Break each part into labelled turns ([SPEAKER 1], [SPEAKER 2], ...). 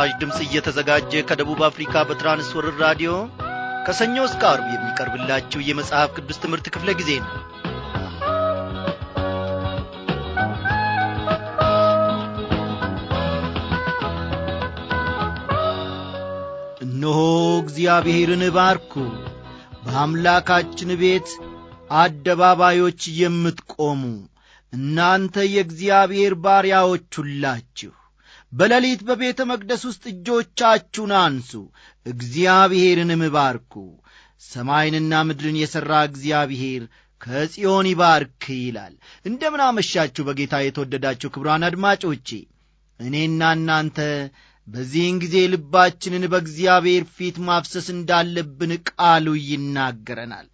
[SPEAKER 1] ለመስራች ድምፅ እየተዘጋጀ ከደቡብ አፍሪካ በትራንስወርር ራዲዮ ከሰኞ እስከ አርብ የሚቀርብላችሁ የመጽሐፍ ቅዱስ ትምህርት ክፍለ ጊዜ ነው እነሆ እግዚአብሔርን ባርኩ በአምላካችን ቤት አደባባዮች የምትቆሙ እናንተ የእግዚአብሔር ባሪያዎች ሁላችሁ በሌሊት በቤተ መቅደስ ውስጥ እጆቻችሁን አንሱ፣ እግዚአብሔርንም ባርኩ። ሰማይንና ምድርን የሠራ እግዚአብሔር ከጽዮን ይባርክ ይላል። እንደምን አመሻችሁ በጌታ የተወደዳችሁ ክቡራን አድማጮቼ። እኔና እናንተ በዚህን ጊዜ ልባችንን በእግዚአብሔር ፊት ማፍሰስ እንዳለብን ቃሉ ይናገረናል።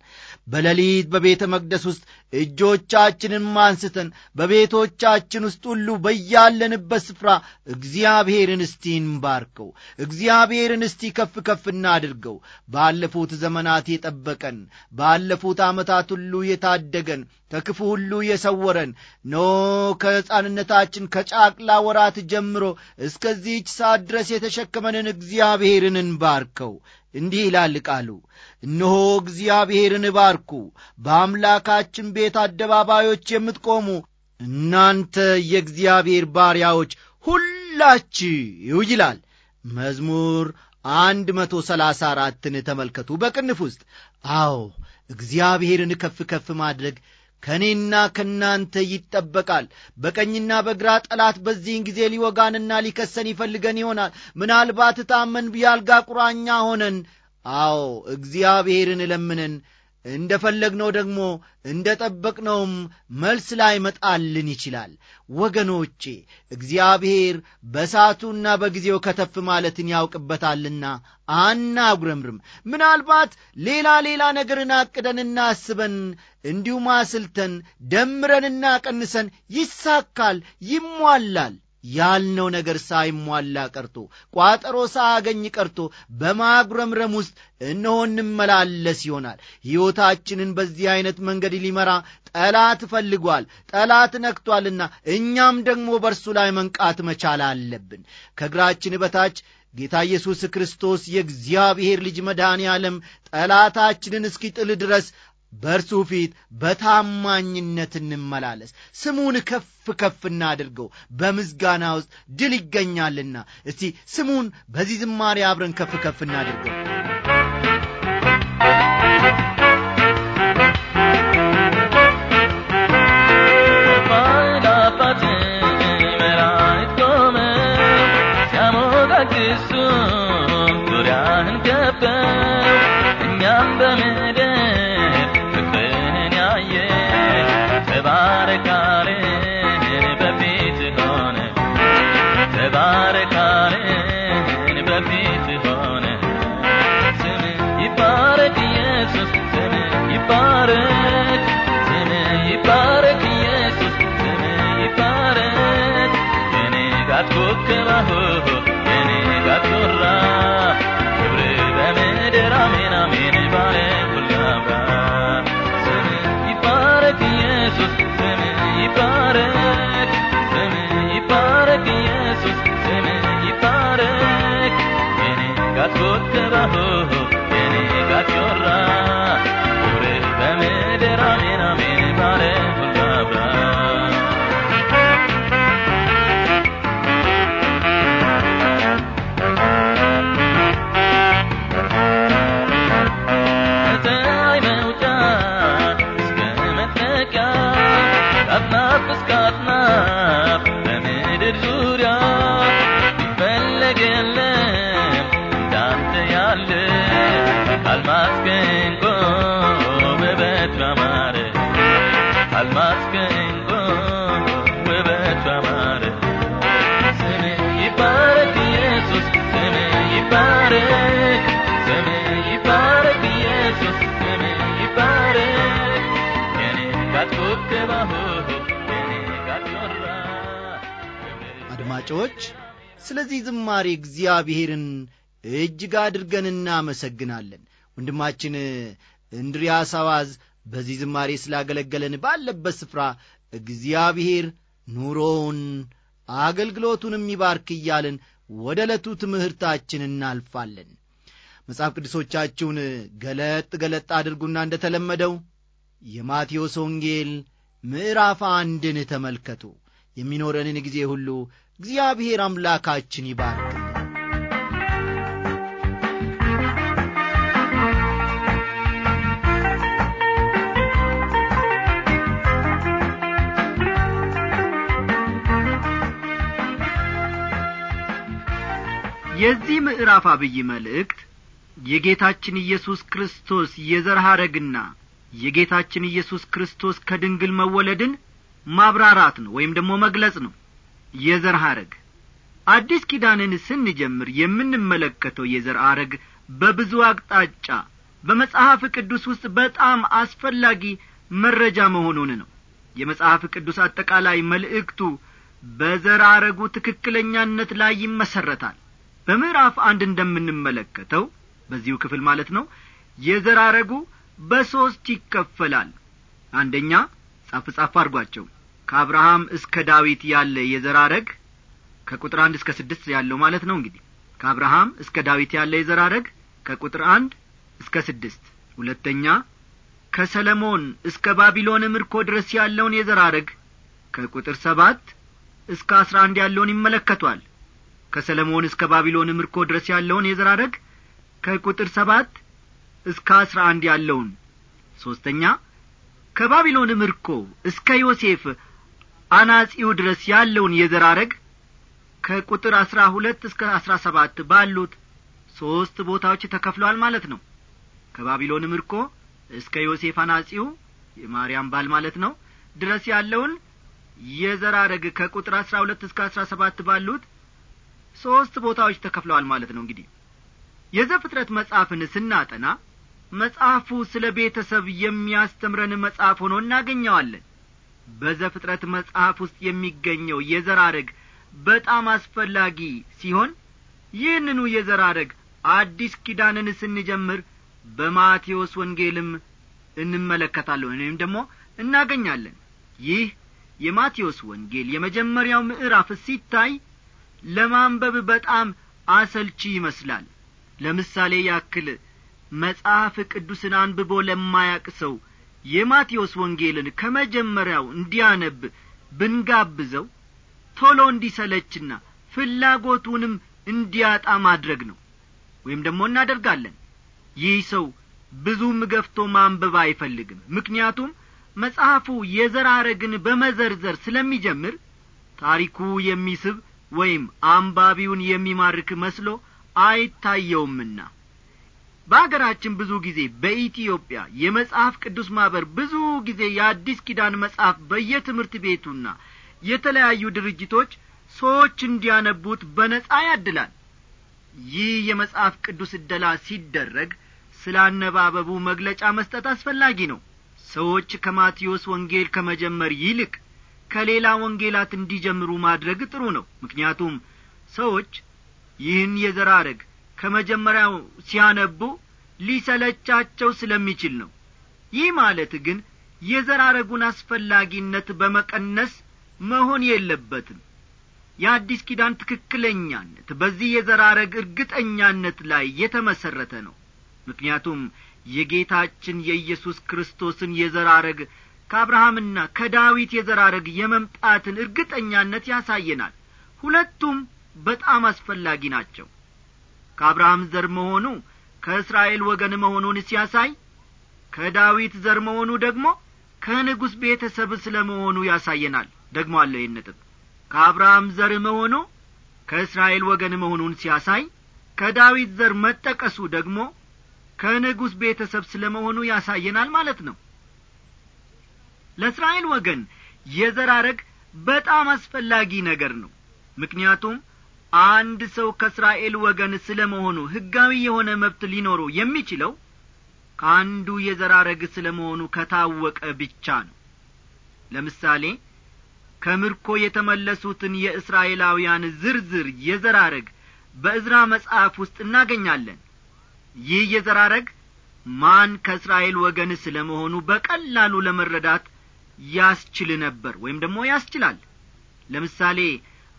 [SPEAKER 1] በሌሊት በቤተ መቅደስ ውስጥ እጆቻችንን ማንስተን በቤቶቻችን ውስጥ ሁሉ በያለንበት ስፍራ እግዚአብሔርን እስቲ እንባርከው። እግዚአብሔርን እስቲ ከፍ ከፍ እናድርገው። ባለፉት ዘመናት የጠበቀን፣ ባለፉት ዓመታት ሁሉ የታደገን፣ ከክፉ ሁሉ የሰወረን ኖ ከሕፃንነታችን ከጫቅላ ወራት ጀምሮ እስከዚህች ሰዓት ድረስ የተሸከመንን እግዚአብሔርን እንባርከው። እንዲህ ይላል ቃሉ፣ እነሆ እግዚአብሔርን ባርኩ፣ በአምላካችን ቤት አደባባዮች የምትቆሙ እናንተ የእግዚአብሔር ባሪያዎች ሁላችሁ ይላል። መዝሙር አንድ መቶ ሰላሳ አራትን ተመልከቱ በቅንፍ ውስጥ። አዎ እግዚአብሔርን ከፍ ከፍ ማድረግ ከእኔና ከእናንተ ይጠበቃል። በቀኝና በግራ ጠላት በዚህን ጊዜ ሊወጋንና ሊከሰን ይፈልገን ይሆናል። ምናልባት ታመን ቢያልጋ ቁራኛ ሆነን አዎ እግዚአብሔርን እለምነን እንደ ፈለግነው ደግሞ እንደ ጠበቅነውም መልስ ላይመጣልን ይችላል። ወገኖቼ እግዚአብሔር በሳቱና በጊዜው ከተፍ ማለትን ያውቅበታልና አናጉረምርም። ምናልባት ሌላ ሌላ ነገርን አቅደንና አስበን እንዲሁም አስልተን ደምረንና ቀንሰን ይሳካል፣ ይሟላል ያልነው ነገር ሳይሟላ ቀርቶ ቋጠሮ ሳያገኝ ቀርቶ በማጉረምረም ውስጥ እነሆ እንመላለስ ይሆናል። ሕይወታችንን በዚህ አይነት መንገድ ሊመራ ጠላት ፈልጓል። ጠላት ነክቷልና እኛም ደግሞ በእርሱ ላይ መንቃት መቻል አለብን። ከእግራችን በታች ጌታ ኢየሱስ ክርስቶስ የእግዚአብሔር ልጅ መድኃኔ ዓለም ጠላታችንን እስኪጥል ድረስ በእርሱ ፊት በታማኝነት እንመላለስ። ስሙን ከፍ ከፍ እናድርገው፣ በምዝጋና ውስጥ ድል ይገኛልና። እስቲ ስሙን በዚህ ዝማሬ አብረን ከፍ ከፍ እናድርገው።
[SPEAKER 2] book of a
[SPEAKER 1] አድማጮች ስለዚህ ዝማሬ እግዚአብሔርን እጅግ አድርገን እናመሰግናለን ወንድማችን እንድሪያስ አዋዝ በዚህ ዝማሬ ስላገለገለን ባለበት ስፍራ እግዚአብሔር ኑሮውን አገልግሎቱን የሚባርክ እያልን ወደ ዕለቱ ትምህርታችን እናልፋለን መጽሐፍ ቅዱሶቻችሁን ገለጥ ገለጥ አድርጉና እንደ ተለመደው የማቴዎስ ወንጌል ምዕራፍ አንድን ተመልከቱ የሚኖረንን ጊዜ ሁሉ እግዚአብሔር አምላካችን ይባርክ የዚህ ምዕራፍ አብይ መልእክት የጌታችን ኢየሱስ ክርስቶስ የዘር ሐረግና የጌታችን ኢየሱስ ክርስቶስ ከድንግል መወለድን ማብራራት ነው ወይም ደግሞ መግለጽ ነው የዘር ሐረግ አዲስ ኪዳንን ስንጀምር የምንመለከተው የዘር አረግ በብዙ አቅጣጫ በመጽሐፍ ቅዱስ ውስጥ በጣም አስፈላጊ መረጃ መሆኑን ነው የመጽሐፍ ቅዱስ አጠቃላይ መልእክቱ በዘር አረጉ ትክክለኛነት ላይ ይመሠረታል በምዕራፍ አንድ እንደምንመለከተው በዚሁ ክፍል ማለት ነው የዘር አረጉ በሦስት ይከፈላል አንደኛ ጻፍ ጻፍ አድርጓቸው ከአብርሃም እስከ ዳዊት ያለ የዘራረግ ከቁጥር አንድ እስከ ስድስት ያለው ማለት ነው እንግዲህ ከአብርሃም እስከ ዳዊት ያለ የዘራረግ ከቁጥር አንድ እስከ ስድስት ሁለተኛ ከሰለሞን እስከ ባቢሎን ምርኮ ድረስ ያለውን የዘራረግ ከቁጥር ሰባት እስከ አስራ አንድ ያለውን ይመለከቷል ከሰለሞን እስከ ባቢሎን ምርኮ ድረስ ያለውን የዘራረግ ከቁጥር ሰባት እስከ አስራ አንድ ያለውን ሦስተኛ ከባቢሎን ምርኮ እስከ ዮሴፍ አናጺው ድረስ ያለውን የዘራረግ ከቁጥር አስራ ሁለት እስከ አስራ ሰባት ባሉት ሦስት ቦታዎች ተከፍሏል ማለት ነው ከባቢሎን ምርኮ እስከ ዮሴፍ አናጺው የማርያም ባል ማለት ነው ድረስ ያለውን የዘራረግ ከቁጥር አስራ ሁለት እስከ አስራ ሰባት ባሉት ሦስት ቦታዎች ተከፍለዋል ማለት ነው እንግዲህ የዘፍጥረት መጽሐፍን ስናጠና መጽሐፉ ስለ ቤተሰብ የሚያስተምረን መጽሐፍ ሆኖ እናገኘዋለን በዘፍጥረት መጽሐፍ ውስጥ የሚገኘው የዘራረግ በጣም አስፈላጊ ሲሆን ይህንኑ የዘራረግ አዲስ ኪዳንን ስንጀምር በማቴዎስ ወንጌልም እንመለከታለሁ ወይም ደግሞ እናገኛለን ይህ የማቴዎስ ወንጌል የመጀመሪያው ምዕራፍ ሲታይ ለማንበብ በጣም አሰልቺ ይመስላል ለምሳሌ ያክል መጽሐፍ ቅዱስን አንብቦ ለማያቅ ሰው የማቴዎስ ወንጌልን ከመጀመሪያው እንዲያነብ ብንጋብዘው ቶሎ እንዲሰለችና ፍላጎቱንም እንዲያጣ ማድረግ ነው ወይም ደግሞ እናደርጋለን ይህ ሰው ብዙም ገፍቶ ማንበብ አይፈልግም ምክንያቱም መጽሐፉ የዘራረግን በመዘርዘር ስለሚጀምር ታሪኩ የሚስብ ወይም አንባቢውን የሚማርክ መስሎ አይታየውምና በአገራችን ብዙ ጊዜ በኢትዮጵያ የመጽሐፍ ቅዱስ ማኅበር ብዙ ጊዜ የአዲስ ኪዳን መጽሐፍ በየትምህርት ቤቱና የተለያዩ ድርጅቶች ሰዎች እንዲያነቡት በነጻ ያድላል ይህ የመጽሐፍ ቅዱስ እደላ ሲደረግ ስለ አነባበቡ መግለጫ መስጠት አስፈላጊ ነው ሰዎች ከማቴዎስ ወንጌል ከመጀመር ይልቅ ከሌላ ወንጌላት እንዲጀምሩ ማድረግ ጥሩ ነው ምክንያቱም ሰዎች ይህን የዘራረግ ከመጀመሪያው ሲያነቡ ሊሰለቻቸው ስለሚችል ነው ይህ ማለት ግን የዘራረጉን አስፈላጊነት በመቀነስ መሆን የለበትም የአዲስ ኪዳን ትክክለኛነት በዚህ የዘራረግ እርግጠኛነት ላይ የተመሠረተ ነው ምክንያቱም የጌታችን የኢየሱስ ክርስቶስን የዘራረግ ከአብርሃምና ከዳዊት የዘራረግ የመምጣትን እርግጠኛነት ያሳየናል ሁለቱም በጣም አስፈላጊ ናቸው ከአብርሃም ዘር መሆኑ ከእስራኤል ወገን መሆኑን ሲያሳይ ከዳዊት ዘር መሆኑ ደግሞ ከንጉሥ ቤተሰብ ስለ መሆኑ ያሳየናል ደግሞ አለው ይህን ነጥብ ከአብርሃም ዘር መሆኑ ከእስራኤል ወገን መሆኑን ሲያሳይ ከዳዊት ዘር መጠቀሱ ደግሞ ከንጉሥ ቤተሰብ ስለ መሆኑ ያሳየናል ማለት ነው ለእስራኤል ወገን የዘር በጣም አስፈላጊ ነገር ነው ምክንያቱም አንድ ሰው ከእስራኤል ወገን ስለ መሆኑ ሕጋዊ የሆነ መብት ሊኖረው የሚችለው ከአንዱ የዘራረግ ስለ መሆኑ ከታወቀ ብቻ ነው ለምሳሌ ከምርኮ የተመለሱትን የእስራኤላውያን ዝርዝር የዘራረግ በእዝራ መጽሐፍ ውስጥ እናገኛለን ይህ የዘራረግ ማን ከእስራኤል ወገን ስለ መሆኑ በቀላሉ ለመረዳት ያስችል ነበር ወይም ደግሞ ያስችላል ለምሳሌ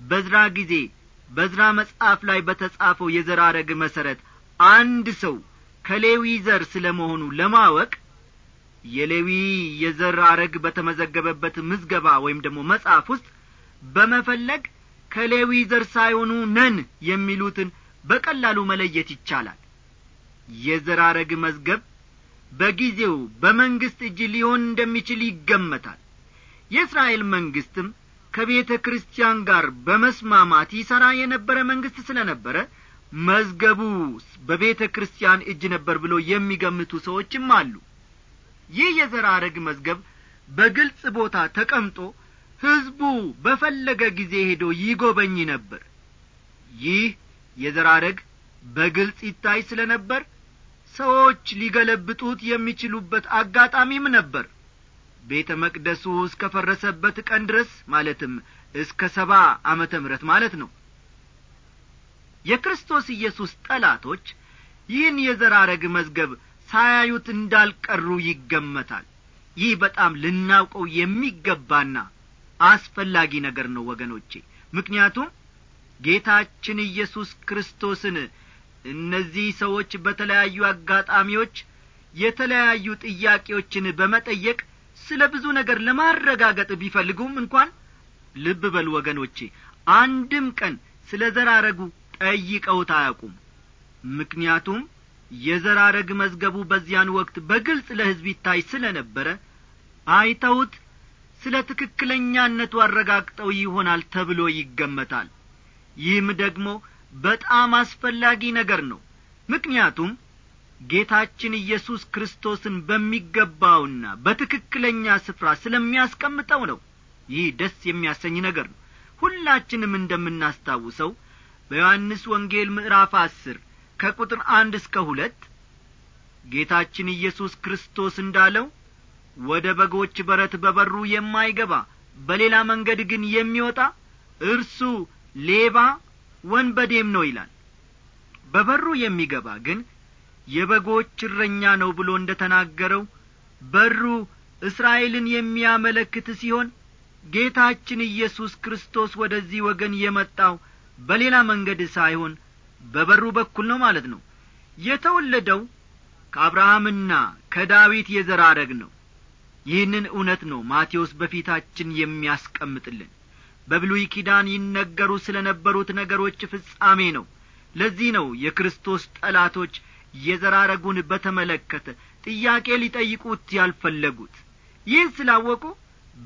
[SPEAKER 1] በዝራ ጊዜ በዝራ መጽሐፍ ላይ በተጻፈው የዘራረግ መሠረት አንድ ሰው ከሌዊ ዘር ስለ መሆኑ ለማወቅ የሌዊ የዘር አረግ በተመዘገበበት ምዝገባ ወይም ደግሞ መጽሐፍ ውስጥ በመፈለግ ከሌዊ ዘር ሳይሆኑ ነን የሚሉትን በቀላሉ መለየት ይቻላል የዘር አረግ መዝገብ በጊዜው በመንግሥት እጅ ሊሆን እንደሚችል ይገመታል የእስራኤል መንግሥትም ከቤተ ክርስቲያን ጋር በመስማማት ይሠራ የነበረ መንግሥት ስለ ነበረ መዝገቡ በቤተ ክርስቲያን እጅ ነበር ብሎ የሚገምቱ ሰዎችም አሉ ይህ የዘራረግ መዝገብ በግልጽ ቦታ ተቀምጦ ሕዝቡ በፈለገ ጊዜ ሄዶ ይጐበኝ ነበር ይህ የዘራረግ በግልጽ ይታይ ስለ ነበር ሰዎች ሊገለብጡት የሚችሉበት አጋጣሚም ነበር ቤተ መቅደሱ እስከ ፈረሰበት ቀን ድረስ ማለትም እስከ ሰባ ዓመተ ምረት ማለት ነው የክርስቶስ ኢየሱስ ጠላቶች ይህን የዘራረግ መዝገብ ሳያዩት እንዳልቀሩ ይገመታል ይህ በጣም ልናውቀው የሚገባና አስፈላጊ ነገር ነው ወገኖቼ ምክንያቱም ጌታችን ኢየሱስ ክርስቶስን እነዚህ ሰዎች በተለያዩ አጋጣሚዎች የተለያዩ ጥያቄዎችን በመጠየቅ ስለ ብዙ ነገር ለማረጋገጥ ቢፈልጉም እንኳን ልብ በሉ ወገኖቼ አንድም ቀን ስለ ዘራረጉ ጠይቀውት አያውቁም ምክንያቱም የዘራረግ መዝገቡ በዚያን ወቅት በግልጽ ለሕዝብ ይታይ ስለ ነበረ አይተውት ስለ ትክክለኛነቱ አረጋግጠው ይሆናል ተብሎ ይገመታል ይህም ደግሞ በጣም አስፈላጊ ነገር ነው ምክንያቱም ጌታችን ኢየሱስ ክርስቶስን በሚገባውና በትክክለኛ ስፍራ ስለሚያስቀምጠው ነው ይህ ደስ የሚያሰኝ ነገር ነው ሁላችንም እንደምናስታውሰው በዮሐንስ ወንጌል ምዕራፍ አስር ከቁጥር አንድ እስከ ሁለት ጌታችን ኢየሱስ ክርስቶስ እንዳለው ወደ በጎች በረት በበሩ የማይገባ በሌላ መንገድ ግን የሚወጣ እርሱ ሌባ ወንበዴም ነው ይላል በበሩ የሚገባ ግን የበጎች እረኛ ነው ብሎ እንደ ተናገረው በሩ እስራኤልን የሚያመለክት ሲሆን ጌታችን ኢየሱስ ክርስቶስ ወደዚህ ወገን የመጣው በሌላ መንገድ ሳይሆን በበሩ በኩል ነው ማለት ነው የተወለደው ከአብርሃምና ከዳዊት የዘራረግ ነው ይህንን እውነት ነው ማቴዎስ በፊታችን የሚያስቀምጥልን በብሉይ ኪዳን ይነገሩ ስለ ነበሩት ነገሮች ፍጻሜ ነው ለዚህ ነው የክርስቶስ ጠላቶች የዘራረጉን በተመለከተ ጥያቄ ሊጠይቁት ያልፈለጉት ይህ ስላወቁ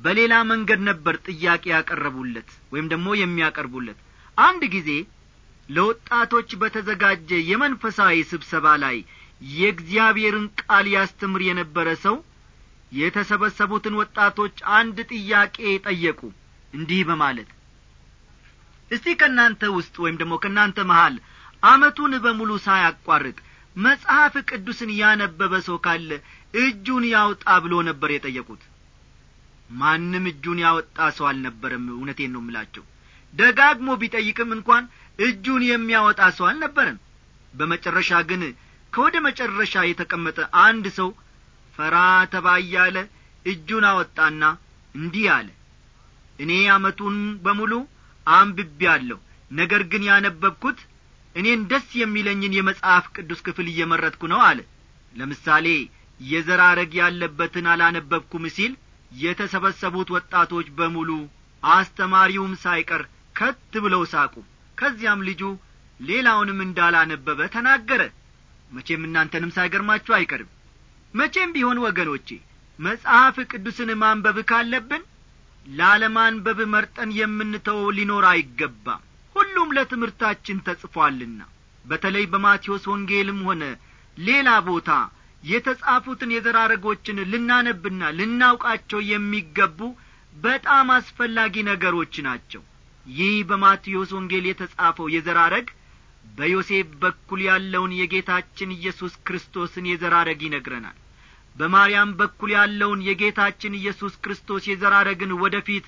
[SPEAKER 1] በሌላ መንገድ ነበር ጥያቄ ያቀረቡለት ወይም ደግሞ የሚያቀርቡለት አንድ ጊዜ ለወጣቶች በተዘጋጀ የመንፈሳዊ ስብሰባ ላይ የእግዚአብሔርን ቃል ያስተምር የነበረ ሰው የተሰበሰቡትን ወጣቶች አንድ ጥያቄ ጠየቁ እንዲህ በማለት እስቲ ከእናንተ ውስጥ ወይም ደግሞ ከእናንተ መሃል አመቱን በሙሉ ሳያቋርጥ መጽሐፍ ቅዱስን ያነበበ ሰው ካለ እጁን ያውጣ ብሎ ነበር የጠየቁት ማንም እጁን ያወጣ ሰው አልነበረም እውነቴን ነው የምላቸው ደጋግሞ ቢጠይቅም እንኳን እጁን የሚያወጣ ሰው አልነበረም በመጨረሻ ግን ከወደ መጨረሻ የተቀመጠ አንድ ሰው ፈራ ተባያለ እጁን አወጣና እንዲህ አለ እኔ አመቱን በሙሉ አንብቤ አለሁ ነገር ግን ያነበብኩት እኔን ደስ የሚለኝን የመጽሐፍ ቅዱስ ክፍል እየመረጥኩ ነው አለ ለምሳሌ የዘራረግ ያለበትን አላነበብኩም ሲል የተሰበሰቡት ወጣቶች በሙሉ አስተማሪውም ሳይቀር ከት ብለው ሳቁ ከዚያም ልጁ ሌላውንም እንዳላነበበ ተናገረ መቼም እናንተንም ሳይገርማችሁ አይቀርም መቼም ቢሆን ወገኖቼ መጽሐፍ ቅዱስን ማንበብ ካለብን ላለማንበብ መርጠን የምንተው ሊኖር አይገባም ሁሉም ለትምህርታችን ተጽፏልና በተለይ በማቴዎስ ወንጌልም ሆነ ሌላ ቦታ የተጻፉትን የዘራረጎችን ልናነብና ልናውቃቸው የሚገቡ በጣም አስፈላጊ ነገሮች ናቸው ይህ በማቴዎስ ወንጌል የተጻፈው የዘራረግ በዮሴፍ በኩል ያለውን የጌታችን ኢየሱስ ክርስቶስን የዘራረግ ይነግረናል በማርያም በኩል ያለውን የጌታችን ኢየሱስ ክርስቶስ የዘራረግን ወደፊት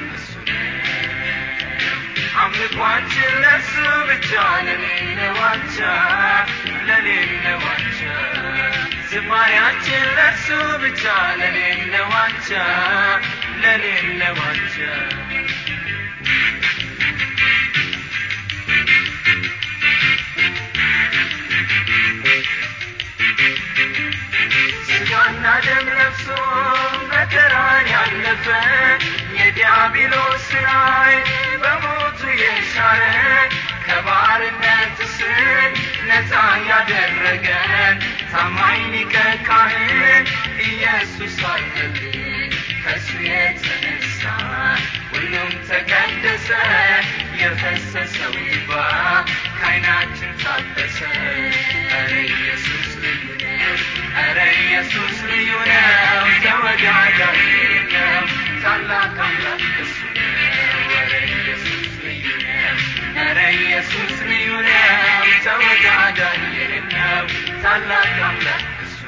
[SPEAKER 3] አምልኳችን ለሱ ብቻ ለኔ ነዋቻ ለኔ ለሱ ብቻ ታላቅ አምላክ እሱ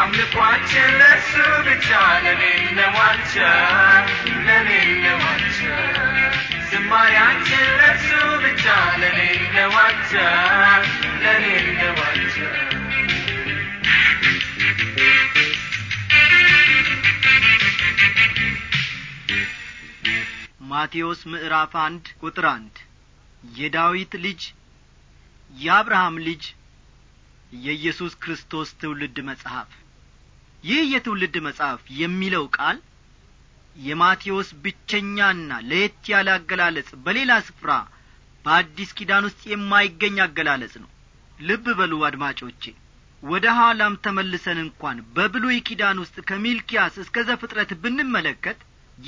[SPEAKER 3] አምልኳችን ብቻ ዝማሪያችን ለእሱ ብቻ ለሌለዋቻ
[SPEAKER 1] ማቴዎስ ምዕራፍ አንድ ቁጥር አንድ የዳዊት ልጅ የአብርሃም ልጅ የኢየሱስ ክርስቶስ ትውልድ መጽሐፍ ይህ የትውልድ መጽሐፍ የሚለው ቃል የማቴዎስ ብቸኛና ለየት ያለ አገላለጽ በሌላ ስፍራ በአዲስ ኪዳን ውስጥ የማይገኝ አገላለጽ ነው ልብ በሉ አድማጮቼ ወደ ኋላም ተመልሰን እንኳን በብሉይ ኪዳን ውስጥ ከሚልኪያስ እስከ ዘፍጥረት ብንመለከት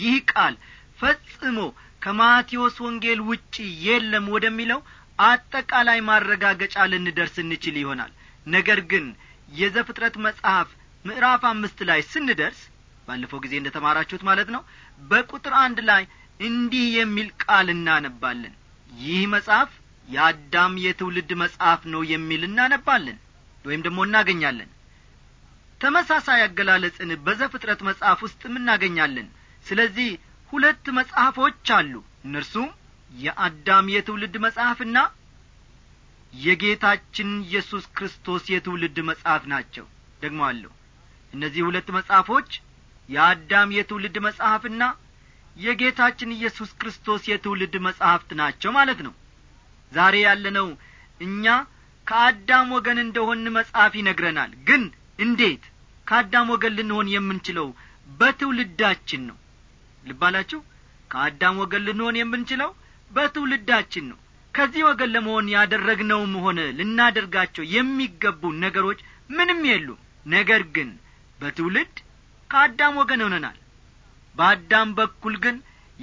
[SPEAKER 1] ይህ ቃል ፈጽሞ ከማቴዎስ ወንጌል ውጪ የለም ወደሚለው አጠቃላይ ማረጋገጫ ልንደርስ እንችል ይሆናል ነገር ግን የዘፍጥረት መጽሐፍ ምዕራፍ አምስት ላይ ስንደርስ ባለፈው ጊዜ እንደ ተማራችሁት ማለት ነው በቁጥር አንድ ላይ እንዲህ የሚል ቃል እናነባለን ይህ መጽሐፍ የአዳም የትውልድ መጽሐፍ ነው የሚል እናነባለን ወይም ደግሞ እናገኛለን ተመሳሳይ አገላለጽን በዘፍጥረት መጽሐፍ ውስጥ እናገኛለን ስለዚህ ሁለት መጽሐፎች አሉ እነርሱም የአዳም የትውልድ መጽሐፍና የጌታችን ኢየሱስ ክርስቶስ የትውልድ መጽሐፍ ናቸው ደግሞ አለሁ እነዚህ ሁለት መጽሐፎች የአዳም የትውልድ መጽሐፍና የጌታችን ኢየሱስ ክርስቶስ የትውልድ መጽሐፍት ናቸው ማለት ነው ዛሬ ያለነው እኛ ከአዳም ወገን እንደሆን መጽሐፍ ይነግረናል ግን እንዴት ከአዳም ወገን ልንሆን የምንችለው በትውልዳችን ነው ልባላችሁ ከአዳም ወገን ልንሆን የምንችለው በትውልዳችን ነው ከዚህ ወገን ለመሆን ያደረግነውም ሆነ ልናደርጋቸው የሚገቡ ነገሮች ምንም የሉም ነገር ግን በትውልድ ከአዳም ወገን ሆነናል በአዳም በኩል ግን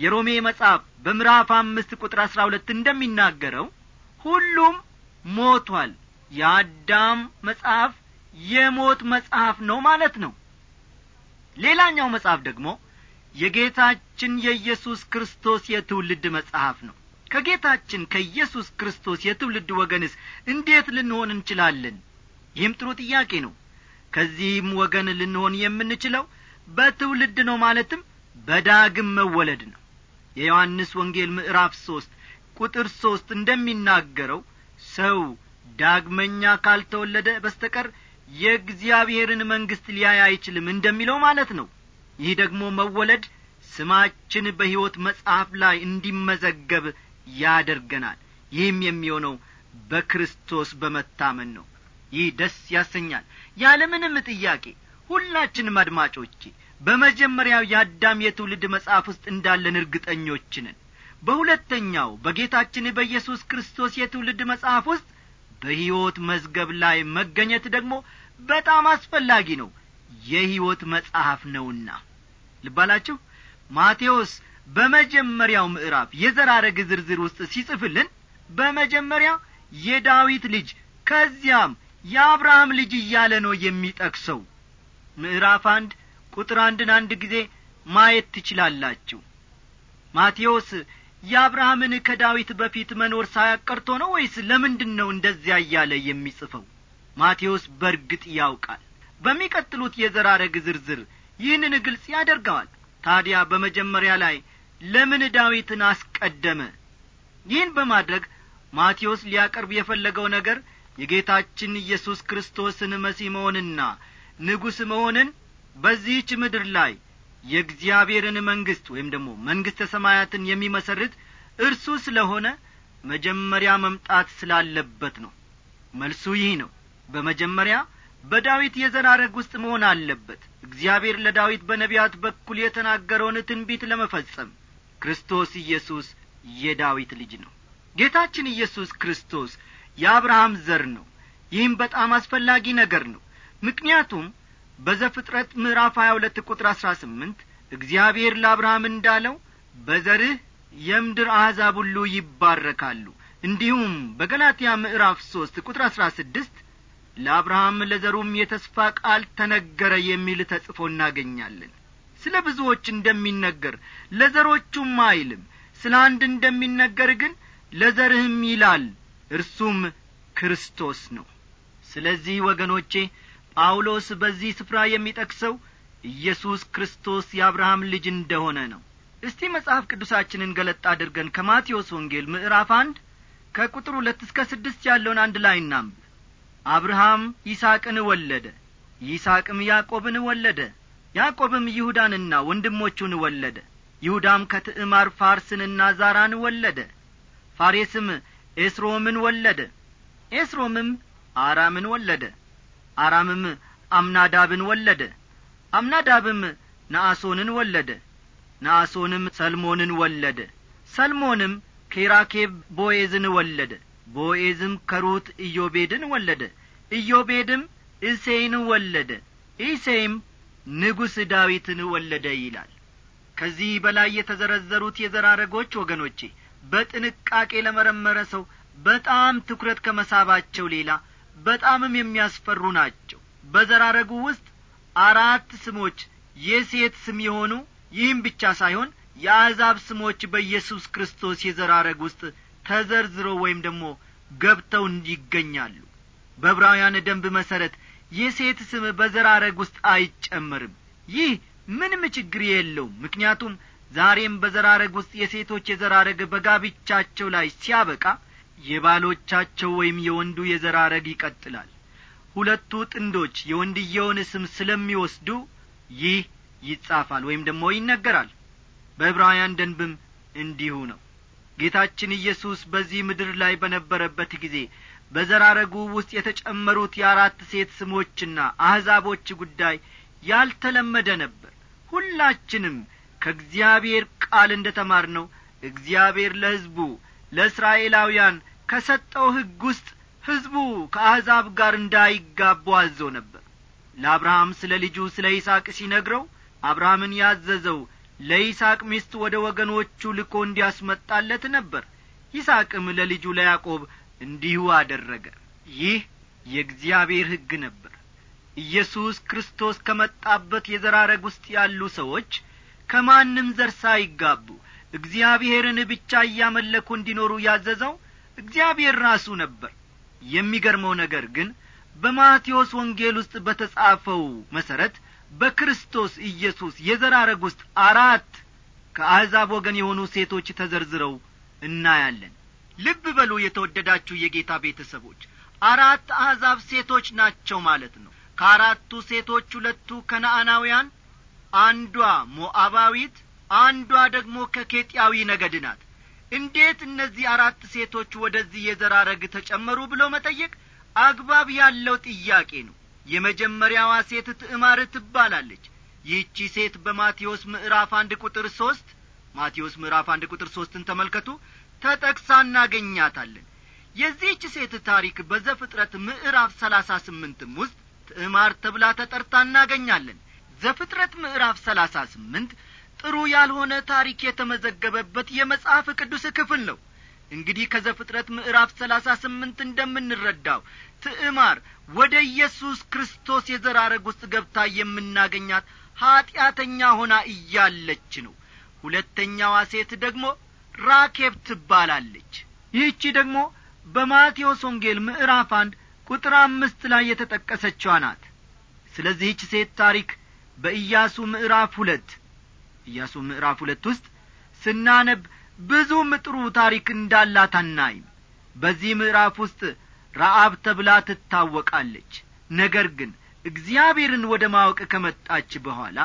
[SPEAKER 1] የሮሜ መጽሐፍ በምዕራፍ አምስት ቁጥር አሥራ ሁለት እንደሚናገረው ሁሉም ሞቷል የአዳም መጽሐፍ የሞት መጽሐፍ ነው ማለት ነው ሌላኛው መጽሐፍ ደግሞ የጌታችን የኢየሱስ ክርስቶስ የትውልድ መጽሐፍ ነው ከጌታችን ከኢየሱስ ክርስቶስ የትውልድ ወገንስ እንዴት ልንሆን እንችላለን ይህም ጥሩ ጥያቄ ነው ከዚህም ወገን ልንሆን የምንችለው በትውልድ ነው ማለትም በዳግም መወለድ ነው የዮሐንስ ወንጌል ምዕራፍ ሦስት ቁጥር ሦስት እንደሚናገረው ሰው ዳግመኛ ካልተወለደ በስተቀር የእግዚአብሔርን መንግሥት ሊያይ አይችልም እንደሚለው ማለት ነው ይህ ደግሞ መወለድ ስማችን በሕይወት መጽሐፍ ላይ እንዲመዘገብ ያደርገናል ይህም የሚሆነው በክርስቶስ በመታመን ነው ይህ ደስ ያሰኛል ያለምንም ጥያቄ ሁላችንም አድማጮቼ በመጀመሪያው የአዳም የትውልድ መጽሐፍ ውስጥ እንዳለን እርግጠኞችንን በሁለተኛው በጌታችን በኢየሱስ ክርስቶስ የትውልድ መጽሐፍ ውስጥ በሕይወት መዝገብ ላይ መገኘት ደግሞ በጣም አስፈላጊ ነው የሕይወት መጽሐፍ ነውና ልባላችሁ ማቴዎስ በመጀመሪያው ምዕራፍ የዘራረግ ዝርዝር ውስጥ ሲጽፍልን በመጀመሪያ የዳዊት ልጅ ከዚያም የአብርሃም ልጅ እያለ ነው የሚጠቅሰው ምዕራፍ አንድ ቁጥር አንድን አንድ ጊዜ ማየት ትችላላችሁ ማቴዎስ የአብርሃምን ከዳዊት በፊት መኖር ሳያቀርቶ ነው ወይስ ለምንድን ነው እንደዚያ እያለ የሚጽፈው ማቴዎስ በርግጥ ያውቃል በሚቀጥሉት የዘራረግ ዝርዝር ይህንን ግልጽ ያደርገዋል ታዲያ በመጀመሪያ ላይ ለምን ዳዊትን አስቀደመ ይህን በማድረግ ማቴዎስ ሊያቀርብ የፈለገው ነገር የጌታችን ኢየሱስ ክርስቶስን መሲህ መሆንና ንጉሥ መሆንን በዚህች ምድር ላይ የእግዚአብሔርን መንግሥት ወይም ደግሞ መንግሥተ ሰማያትን የሚመሰርት እርሱ ስለሆነ መጀመሪያ መምጣት ስላለበት ነው መልሱ ይህ ነው በመጀመሪያ በዳዊት የዘናረግ ውስጥ መሆን አለበት እግዚአብሔር ለዳዊት በነቢያት በኩል የተናገረውን ትንቢት ለመፈጸም ክርስቶስ ኢየሱስ የዳዊት ልጅ ነው ጌታችን ኢየሱስ ክርስቶስ የአብርሃም ዘር ነው ይህም በጣም አስፈላጊ ነገር ነው ምክንያቱም በዘፍጥረት ምዕራፍ 22 ቁጥር 18 እግዚአብሔር ለአብርሃም እንዳለው በዘርህ የምድር አሕዛብ ሁሉ ይባረካሉ እንዲሁም በገላትያ ምዕራፍ 3 ቁጥር 16 ለአብርሃም ለዘሩም የተስፋ ቃል ተነገረ የሚል ተጽፎ እናገኛለን ስለ ብዙዎች እንደሚነገር ለዘሮቹም አይልም ስለ አንድ እንደሚነገር ግን ለዘርህም ይላል እርሱም ክርስቶስ ነው ስለዚህ ወገኖቼ ጳውሎስ በዚህ ስፍራ የሚጠቅሰው ኢየሱስ ክርስቶስ የአብርሃም ልጅ እንደሆነ ነው እስቲ መጽሐፍ ቅዱሳችንን ገለጥ አድርገን ከማቴዎስ ወንጌል ምዕራፍ አንድ ከቁጥር ሁለት እስከ ስድስት ያለውን አንድ ላይ እናንብ አብርሃም ይስሐቅን ወለደ ይስሐቅም ያዕቆብን ወለደ ያዕቆብም ይሁዳንና ወንድሞቹን ወለደ ይሁዳም ከትዕማር ፋርስንና ዛራን ወለደ ፋሬስም ኤስሮምን ወለደ ኤስሮምም አራምን ወለደ አራምም አምናዳብን ወለደ አምናዳብም ነአሶንን ወለደ ነአሶንም ሰልሞንን ወለደ ሰልሞንም ኬራኬብ ቦኤዝን ወለደ ቦኤዝም ከሩት ኢዮቤድን ወለደ ኢዮቤድም እሴይን ወለደ ኢሴይም ንጉሥ ዳዊትን ወለደ ይላል ከዚህ በላይ የተዘረዘሩት የዘራረጎች ወገኖቼ በጥንቃቄ ለመረመረ ሰው በጣም ትኩረት ከመሳባቸው ሌላ በጣምም የሚያስፈሩ ናቸው በዘራረጉ ውስጥ አራት ስሞች የሴት ስም የሆኑ ይህም ብቻ ሳይሆን የአሕዛብ ስሞች በኢየሱስ ክርስቶስ የዘራረግ ውስጥ ተዘርዝሮ ወይም ደግሞ ገብተው ይገኛሉ በብራውያን ደንብ መሠረት የሴት ስም በዘራረግ ውስጥ አይጨመርም ይህ ምንም ችግር የለውም ምክንያቱም ዛሬም በዘራረግ ውስጥ የሴቶች የዘራረግ በጋብቻቸው ላይ ሲያበቃ የባሎቻቸው ወይም የወንዱ የዘራረግ ይቀጥላል ሁለቱ ጥንዶች የወንድየውን ስም ስለሚወስዱ ይህ ይጻፋል ወይም ደግሞ ይነገራል በዕብራውያን ደንብም እንዲሁ ነው ጌታችን ኢየሱስ በዚህ ምድር ላይ በነበረበት ጊዜ በዘራረጉ ውስጥ የተጨመሩት የአራት ሴት ስሞችና አሕዛቦች ጉዳይ ያልተለመደ ነበር ሁላችንም ከእግዚአብሔር ቃል እንደ ተማርነው እግዚአብሔር ለሕዝቡ ለእስራኤላውያን ከሰጠው ሕግ ውስጥ ሕዝቡ ከአሕዛብ ጋር እንዳይጋቡ አዞ ነበር ለአብርሃም ስለ ልጁ ስለ ይስቅ ሲነግረው አብርሃምን ያዘዘው ለይስሐቅ ሚስት ወደ ወገኖቹ ልኮ እንዲያስመጣለት ነበር ይስሐቅም ለልጁ ለያዕቆብ እንዲሁ አደረገ ይህ የእግዚአብሔር ሕግ ነበር ኢየሱስ ክርስቶስ ከመጣበት የዘራረግ ውስጥ ያሉ ሰዎች ከማንም ዘር ሳይጋቡ እግዚአብሔርን ብቻ እያመለኩ እንዲኖሩ ያዘዘው እግዚአብሔር ራሱ ነበር የሚገርመው ነገር ግን በማቴዎስ ወንጌል ውስጥ በተጻፈው መሠረት በክርስቶስ ኢየሱስ የዘራረግ ውስጥ አራት ከአሕዛብ ወገን የሆኑ ሴቶች ተዘርዝረው እናያለን ልብ በሉ የተወደዳችሁ የጌታ ቤተሰቦች አራት አሕዛብ ሴቶች ናቸው ማለት ነው ከአራቱ ሴቶች ሁለቱ ከነአናውያን አንዷ ሞአባዊት አንዷ ደግሞ ከኬጥያዊ ነገድ ናት እንዴት እነዚህ አራት ሴቶች ወደዚህ የዘራረግ ተጨመሩ ብሎ መጠየቅ አግባብ ያለው ጥያቄ ነው የመጀመሪያዋ ሴት ትዕማር ትባላለች ይህቺ ሴት በማቴዎስ ምዕራፍ አንድ ቁጥር ሦስት ማቴዎስ ምዕራፍ አንድ ቁጥር ሦስትን ተመልከቱ ተጠቅሳ እናገኛታለን የዚህች ሴት ታሪክ በዘፍጥረት ምዕራፍ ሰላሳ ስምንትም ውስጥ ትዕማር ተብላ ተጠርታ እናገኛለን ዘፍጥረት ምዕራፍ ሰላሳ ስምንት ጥሩ ያልሆነ ታሪክ የተመዘገበበት የመጽሐፍ ቅዱስ ክፍል ነው እንግዲህ ከዘፍጥረት ምዕራፍ ሰላሳ ስምንት እንደምንረዳው ትዕማር ወደ ኢየሱስ ክርስቶስ የዘራረግ ውስጥ ገብታ የምናገኛት ኀጢአተኛ ሆና እያለች ነው ሁለተኛዋ ሴት ደግሞ ራኬብ ትባላለች ይህቺ ደግሞ በማቴዎስ ወንጌል ምዕራፍ አንድ ቁጥር አምስት ላይ የተጠቀሰችዋ ናት ስለዚህች ሴት ታሪክ በኢያሱ ምዕራፍ ሁለት ኢያሱ ምዕራፍ ሁለት ውስጥ ስናነብ ብዙም ጥሩ ታሪክ እንዳላት አናይም በዚህ ምዕራፍ ውስጥ ረአብ ተብላ ትታወቃለች ነገር ግን እግዚአብሔርን ወደ ማወቅ ከመጣች በኋላ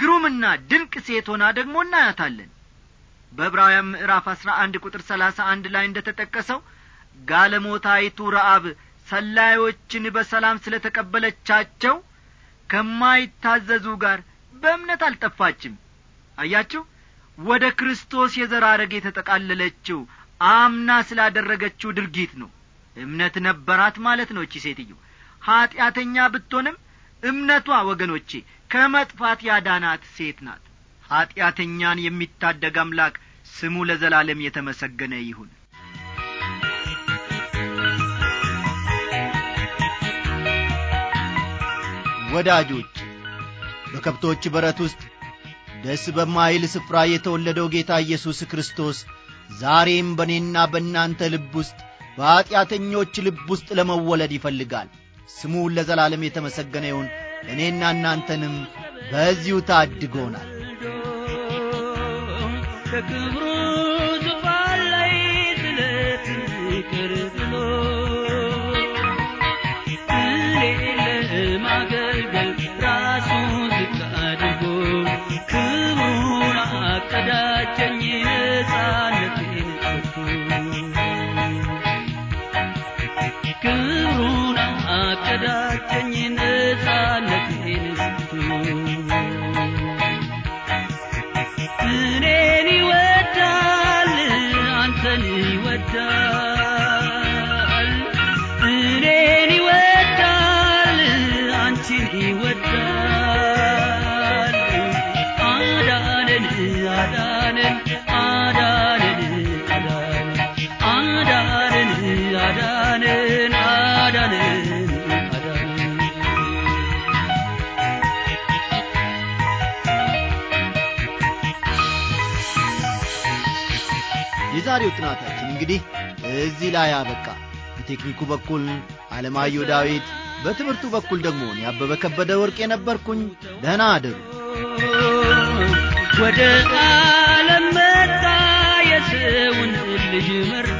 [SPEAKER 1] ግሩምና ድንቅ ሴት ሆና ደግሞ እናያታለን በዕብራውያን ምዕራፍ አሥራ አንድ ቁጥር ሰላሳ አንድ ላይ እንደ ተጠቀሰው ጋለሞታይቱ ረአብ ሰላዮችን በሰላም ስለ ተቀበለቻቸው ከማይታዘዙ ጋር በእምነት አልጠፋችም አያችሁ ወደ ክርስቶስ የዘራረግ የተጠቃለለችው አምና ስላደረገችው ድርጊት ነው እምነት ነበራት ማለት ነው እቺ ሴትዮ ኀጢአተኛ ብትሆንም እምነቷ ወገኖቼ ከመጥፋት ያዳናት ሴት ናት ኀጢአተኛን የሚታደግ አምላክ ስሙ ለዘላለም የተመሰገነ ይሁን ወዳጆች በከብቶች በረት ውስጥ ደስ በማይል ስፍራ የተወለደው ጌታ ኢየሱስ ክርስቶስ ዛሬም በእኔና በእናንተ ልብ ውስጥ በኀጢአተኞች ልብ ውስጥ ለመወለድ ይፈልጋል። ስሙን ለዘላለም የተመሰገነ ይሁን። እኔና እናንተንም በዚሁ ታድጎናል።
[SPEAKER 4] ከክብሩ ዙፋን ላይ ስለ ትንሣኤ
[SPEAKER 1] የዛሬው ጥናታችን እንግዲህ እዚህ ላይ አበቃ በቴክኒኩ በኩል አለማየሁ ዳዊት በትምህርቱ በኩል ደግሞ እኔ አበበ ከበደ ወርቅ የነበርኩኝ ደህና አደሩ ወደ ዓለም
[SPEAKER 4] መጣ የሰውን ልጅ መራ